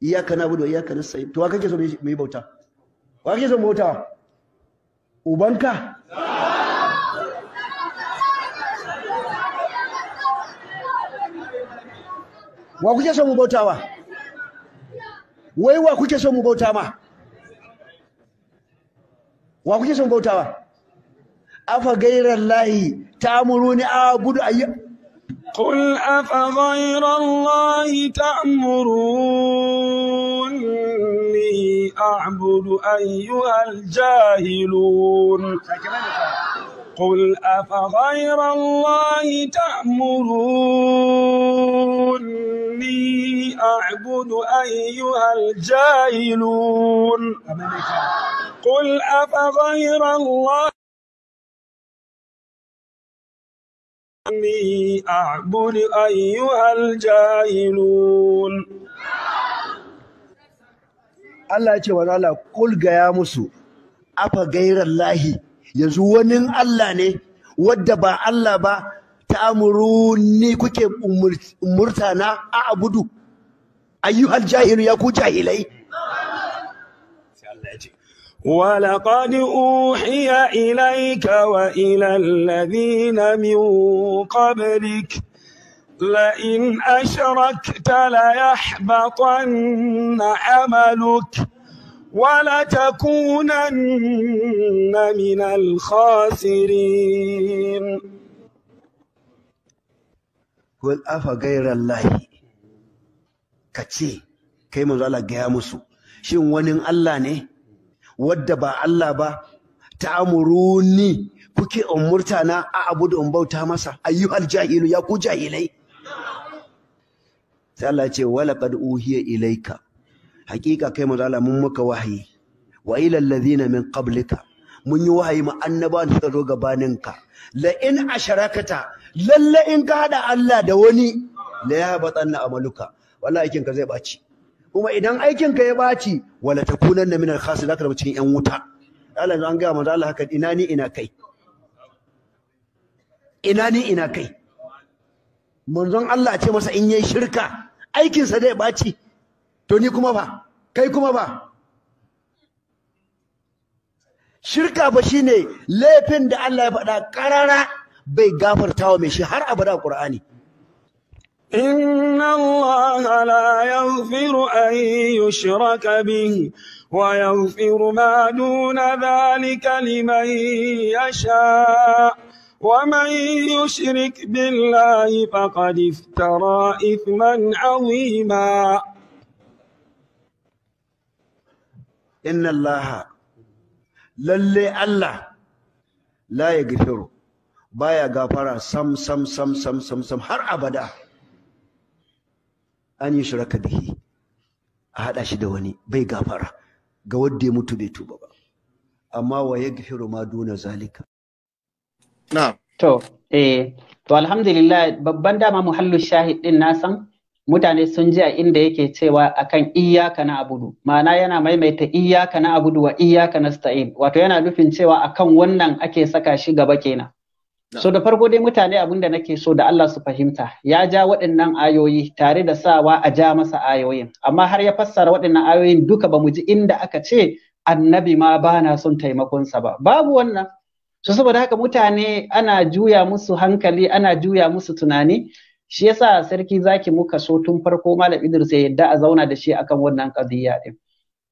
na na'budu wa na sai to wa kake so mu yi bauta wa kake so mu bauta ubanka wa kuke so mu bauta wa wai wa kuke so mu bauta ma wa kuke so mu bauta wa afa ghayra allahi a a'budu ayya قل أفغير الله تأمروني أعبد أيها الجاهلون قل أفغير الله تأمروني أعبد أيها الجاهلون قل أفغير الله عمي أعبد أيها الجاهلون Allah ce wa Allah kul ya musu afa gairar lahi yanzu wani Allah ne wadda ba Allah ba ta amuru ni kuke murtana a abudu ayyuhal jahilu ya ku jahilai ولقد أوحي إليك وإلى الذين من قبلك لئن أشركت ليحبطن عملك ولتكونن من الخاسرين قل أفغير الله كتي كيما قال قيامسو شين ونن الله نه wadda ba Allah ba ta ni kuke umurta na a abu in bauta masa ayyuhal jahilu ya ku jahilai sai Allah ce wala qad uhiya ilaika hakika kai manzo Allah mun muka wahayi wa ila alladhina min qablika mun yi wahayi ma annabawan da zo gabanin ka. la in asharakata Lallai in ka hada Allah da wani la ya batanna amaluka wallahi kin ka zai baci kuma idan aikin ka ya baci wala takunanna min al-khasi zaka rabu cikin yan wuta Allah an ga manzo Allah haka ina ni ina kai ina ni ina kai manzon Allah ce masa in yi shirka aikin sa zai baci to ni kuma ba kai kuma ba shirka ba shine laifin da Allah ya faɗa karara bai gafartawa mai shi har abada Qur'ani إن الله لا يغفر أن يشرك به ويغفر ما دون ذلك لمن يشاء ومن يشرك بالله فقد افترى إثما عظيما إن الله للي الله لا يغفر baya gafara sam sam sam sam sam sam har abada an yi shiraka shi a haɗa shi da wani bai gafara ga wanda ya mutu bai tuba ba amma wa yaghfiru ma duna zalika Na. to eh to alhamdulillah babban dama muhallu shahid din na san mutane sun ji a inda yake cewa akan iyaka na abudu ma'ana yana maimaita iyaka na abudu wa iyaka nasta'in wato yana nufin cewa akan wannan ake saka shi gaba kenan So da farko dai mutane abin da nake so da Allah su fahimta ya ja waɗannan ayoyi tare da sawa a ja masa ayoyin amma har ya fassara waɗannan ayoyin duka ba mu ji inda aka ce annabi ma ba na son taimakonsa ba babu wannan so saboda haka mutane ana juya musu hankali ana juya musu tunani shi yasa sarki zaki muka so tun farko malam Idris ya yadda a zauna da shi akan wannan kadiyya din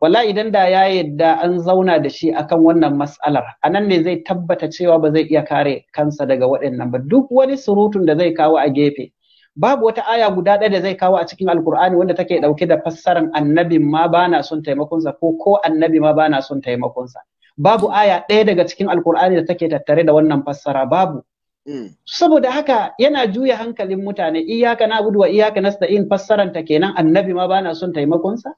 wala idan da ya yadda an zauna da shi akan wannan mas'alar anan ne zai tabbata cewa ba zai iya kare kansa daga waɗannan ba duk wani surutun da zai kawo a gefe babu wata aya guda ɗaya da zai kawo a cikin alkur'ani wanda take ɗauke da fassarar annabi ma bana son taimakonsa ko ko annabi ma bana son taimakonsa babu aya ɗaya daga cikin alkur'ani da take tattare da wannan fassara babu mm. saboda haka yana juya hankalin mutane iyaka na wa iyaka nasta'in fassaranta kenan annabi ma bana son taimakonsa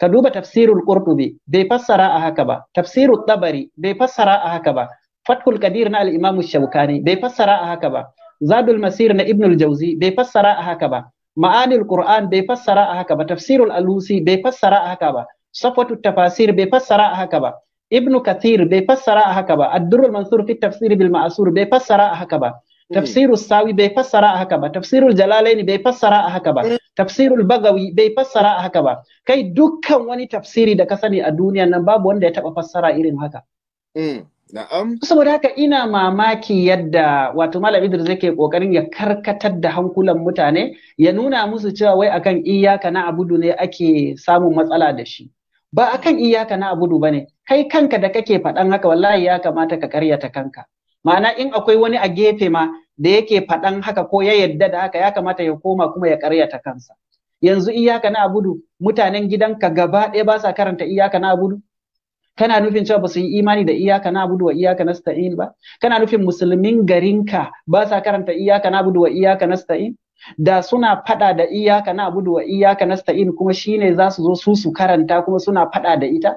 ka duba tafsirul qurtubi bai fassara a haka ba tafsirul tabari bai fassara a haka ba fathul kadir na al-imamu shaukani bai fassara a haka ba zadul masir na ibnul jauzi bai fassara a haka ba ma'anil qur'an bai fassara a haka ba tafsirul alusi bai fassara a haka ba safwatu tafasir bai fassara a haka ba ibnu kathir bai fassara a haka ba ad-durrul mansur fi tafsir bil ma'sur bai fassara a haka ba Hmm. tafsirul sawi bai fassara a haka ba tafsirul jalalaini bai fassara a haka ba eh. tafsirul bagawi bai fassara a haka ba kai dukkan wani tafsiri da ka sani a duniya nan babu wanda ya taba fassara irin haka hmm. saboda haka ina mamaki yadda wato malam Idris yake kokarin ya karkatar da hankulan mutane ya nuna musu cewa wai akan iyaka na abudu ne ake samun matsala da shi ba akan iyaka na abudu bane kai kanka da kake faɗan haka wallahi ya kamata ka karyata kanka ma'ana in akwai wani a gefe ma da yake faɗan haka ko ya yadda da haka ya kamata ya koma kuma ya karyata kansa yanzu iyaka na abudu mutanen gidanka gaba ɗaya ba sa karanta iyaka na abudu kana nufin cewa ba su yi imani da iyaka na abudu wa iyaka nasta'in ba kana nufin musulmin garinka ba sa karanta iyaka na abudu wa iyaka nasta'in da suna fada da iyaka na abudu wa iyaka nasta'in kuma shine za su zo su su karanta kuma suna fada da ita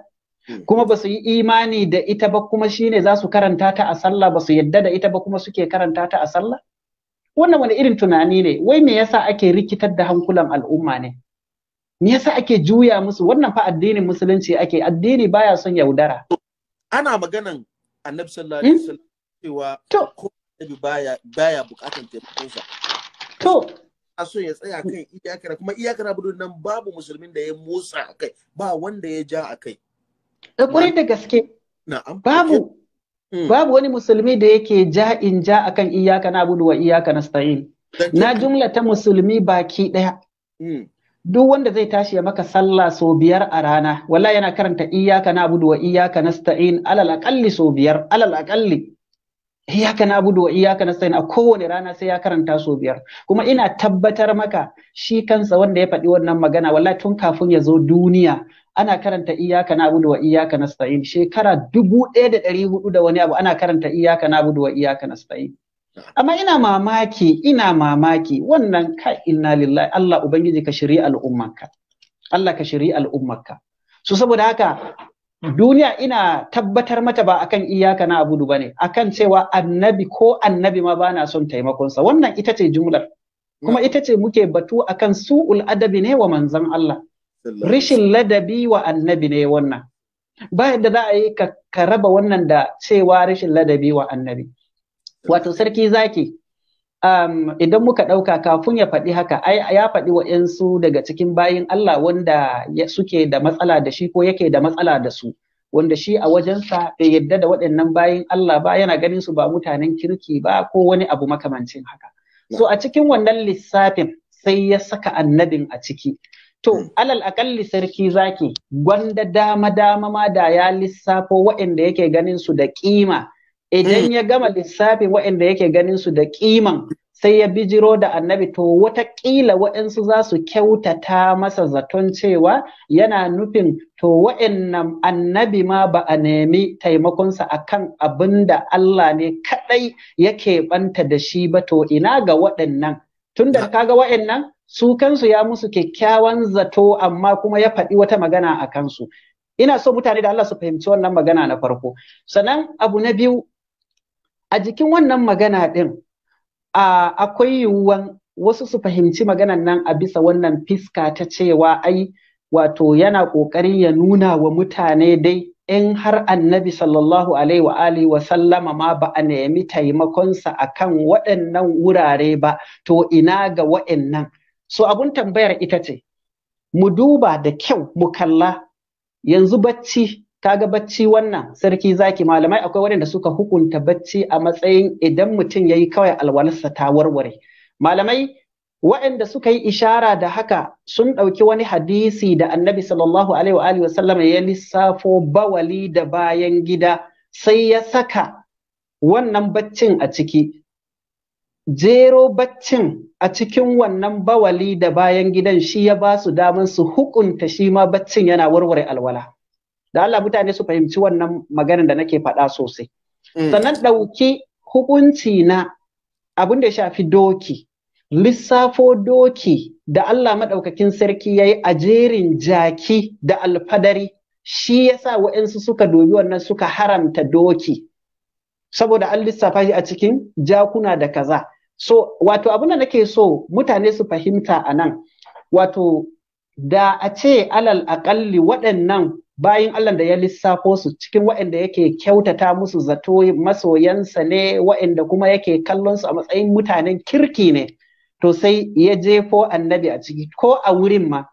Hmm. kuma ba su yi imani da ita ba kuma shine za su karanta ta a sallah ba su yadda da ita ba kuma suke karanta ta a sallah wannan wani irin tunani ne wai me yasa ake rikitar da hankulan al'umma ne me yasa ake juya musu wannan fa addinin musulunci ake addini baya son yaudara ana maganan annabi sallallahu hmm? alaihi wasallam cewa ko annabi baya baya bukatan taimakonsa to a so ya tsaya kan iyakar kuma iyakar abudun nan babu musulmin da ya motsa akai ba wanda ya ja akai da eh, da gaske babu hmm. babu wani musulmi da yake ja in ja akan iyaka na wa iyaka nasta'in na jumla ta musulmi baki ɗaya hmm. duk wanda zai tashi ya maka sallah so biyar a rana wallahi yana karanta iyaka na wa iyaka nasta'in alal aqalli so biyar alal aqalli iyaka na abudu wa iyaka nasta'in a kowane rana sai ya karanta so biyar kuma ina tabbatar maka shi kansa wanda ya faɗi wannan magana wallahi tun kafin ya zo duniya ana karanta iyyaka na'budu wa na nasta'in shekara dubu ɗaya da ɗari hudu da wani abu ana karanta iyyaka na'budu wa na nasta'in amma ina mamaki ina mamaki wannan ka inna lillahi Allah ubangiji ka shiri al'ummarka Allah ka shiri al'ummarka so saboda haka duniya ina tabbatar mata ba akan iyaka na abudu bane akan cewa annabi ko annabi ma bana son taimakonsa wannan ita ce jumlar kuma ita ce muke batu akan su'ul adabi ne wa manzon Allah Rishin ladabi wa annabi ne wannan. Ba yadda za a yi ka raba wannan da cewa rishin ladabi wa annabi. Wato sarki zaki, um, idan muka ɗauka kafin ya faɗi haka, ai ya faɗi wa wa'yansu daga cikin bayin Allah wanda suke da matsala da shi ko yake da matsala da su. wanda shi a wajensa bai yadda da waɗannan bayin Allah ba yana ganin su ba mutanen kirki ba ko wani abu makamancin haka. So a cikin wannan lissafin sai ya saka annabin a ciki. To, hmm. alal akalli sarki zaki, gwanda dama-dama ma da ya lissafo wa'inda yake ganin su da kima. Idan hmm. ya gama lissafi wa'inda yake ganin su da kiman sai ya bijiro da annabi to watakila waɗansu za su kyautata masa zaton cewa yana nufin to waɗannan annabi ma ba a nemi taimakonsa akan abinda Allah ne kaɗai yake ɓanta da shi ba to ina ga waɗannan. Tunda kaga waɗannan su kansu ya musu kyakkyawan zato amma kuma ya faɗi wata magana a kansu ina so mutane da Allah su fahimci wannan magana na farko sannan abu na biyu a jikin wannan magana din akwai yiwuwan wasu su fahimci maganan nan a bisa wannan fiska ta cewa ai wato yana ƙoƙarin ya nuna wa mutane dai in har annabi sallallahu alaihi wa alihi wa sallama ma ba a nemi taimakonsa akan waɗannan wurare ba to ina ga waɗannan so abun tambayar ita ce mu duba da kyau mu kalla yanzu bacci kaga bacci wannan sarki zaki malamai akwai waɗanda suka hukunta bacci a matsayin idan mutum yayi kawai alwalarsa ta warware malamai waɗanda suka yi ishara da haka sun ɗauki wani hadisi da annabi sallallahu alaihi wa alihi ya lissafo bawali da bayan gida sai ya saka wannan baccin a ciki jero baccin a cikin wannan bawali da bayan gidan shi ya ba su daman su hukunta shi ma baccin yana warware alwala da Allah mutane su fahimci wannan maganar da nake faɗa sosai mm. sannan ɗauki hukunci na abin da shafi doki lissafo doki da Allah maɗaukakin sarki ya yi a jerin jaki da alfadari shi ya sa wa'insu suka dobi wannan suka haramta doki saboda an lissafa shi a cikin jakuna da kaza So, wato abin da nake so mutane su fahimta a nan, wato da a ce alal aƙalli waɗannan bayan Allah da ya lissafo su cikin waɗanda yake kyautata musu zato masoyansa ne waɗanda kuma yake kallon su a matsayin mutanen kirki ne to sai ya jefo annabi a ciki ko a wurin ma